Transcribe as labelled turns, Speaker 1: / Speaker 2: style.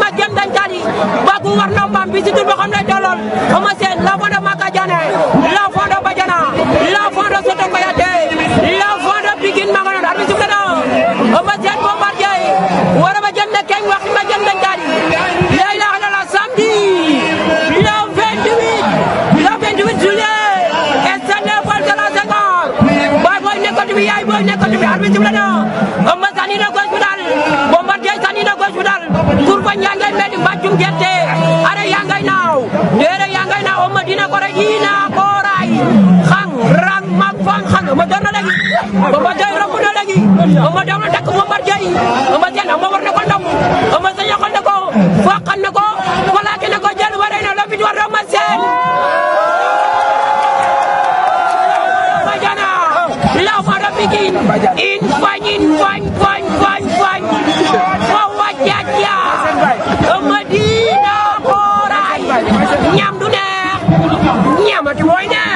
Speaker 1: ma jëm dañ tali bagu war na mbam bi si tur ba xam ne dolol Eumeu Sène l'enfant de Maka Diané l'enfant de Badiana l'enfant de Soto Koyate l'enfant de Pikine ma nga noon arbitre sifle na Eumeu Sène Bombardier wara ma jëm ne keng wax ma jëm dañ tali la ilaha illallah samedi le 28 le 28 juillet stade Léopold Sédar Senghor boy boy nekkatu bi yaay boy nekkatu bi arbitre sifle na Eumeu Sène bañ yaa ngay medi mbàccum gerte ara yaa ngay naaw deere yaa ngay naaw o madina kore ina koray xang rang mag fang xang o ma door na legi o ma jay romb na legi o ma daw na takk mo mar jay o ma ten o ma war na ko ndam o ma sañ xol na ko faqan na ko walaake na ko jël waree na lopit war ma seen bajana law ma rapikin in fañ in fañ fañ fañ Nie ma, ty wojna!